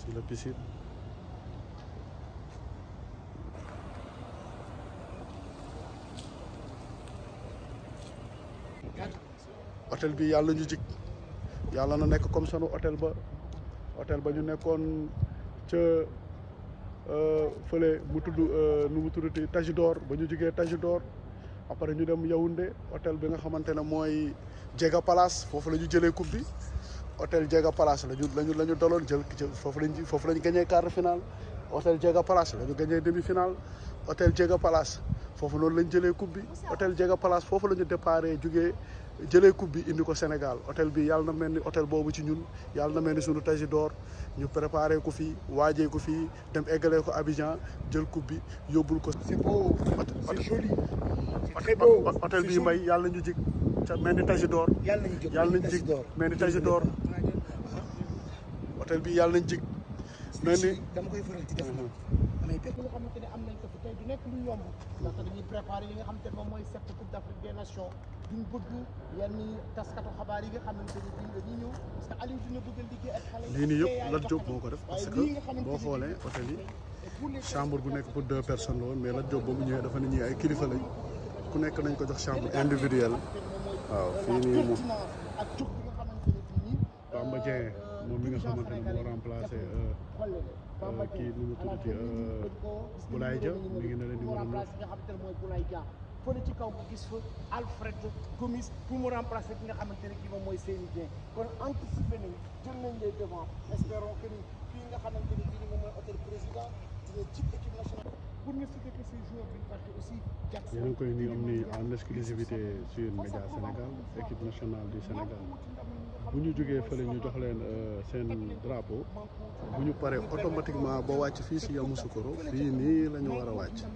sur la piscine. hôtel bi yàlla ñu jig yàlla na nekk comme sunu hôtel ba hôtel ba ñu nekkoon ca euh, fële mu tudd euh, nu mu tuddati Tajidor ba ñu jigee Tajidor après ñu dem Yaoundé hôtel bi nga xamante ne mooy a Palace foofu la ñu jëlee coupe hôtel Diega Palace la ñu lañu la ñu daloon jël foofu lañ foofu lañ gagné quart de finale hôtel Diega Palace la ñu demi finale hôtel Diega Palace foofu noonu lañ jëlee coupe bi hôtel Diega Palace foofu la ñu déparé jugee jëlee coupe bi indi ko Sénégal hôtel bi yàlla na mel ni hôtel boobu ci ñun yàlla na mel ni suñu tasi d'or ñu préparé ko fii waajee ko fii dem eggalee ko Abidjan jël coupe bi yóbbul ko. c'est beau, c'est joli, c'est hôtel bi mbay yàlla ñu jig. ca mel ni Taji Dóor. yàlla nañu jig yàlla nañu jig mel ni Taji Dóor. hôtel bi yàlla nañu jig. mel ni dama mhm. am nekk lu yomb ndaxte lii nii yëpp Lat Diop moo ko def parce que boo xoolee hôtel yi chambre bu nekk pour deux personnes la mais Lat Diop ba mu ñëwee dafa ne ñii ay kilifa lañ ku nekk nañ ko jox chambre individuelle waaw fii nii moom Bamba Dieng euh, moom mi nga xamante ne moo remplacé euh, euh, kii nu mu tuddati Boulaye Dia mi ngi ne la numéro 9. fële ci kaw nga gis fa Alfred Gomis pour mu remplacer ki nga xamante ne kii moom mooy Seyni Dieng kon anticiper nañu jël nañ les devant espérons que ni kii nga xamante ne kii moom mooy hôtel président dina ci pour a ngi koy nii am ni en exclusivité sur Média Sénégal équipe nationale du Sénégal bu ñu jógee fële ñu jox leen euh, seen drapeau bu ñu pare automatiquement ba wàcc fii si Yamoussoukro fii nii la ñu war a wàcc.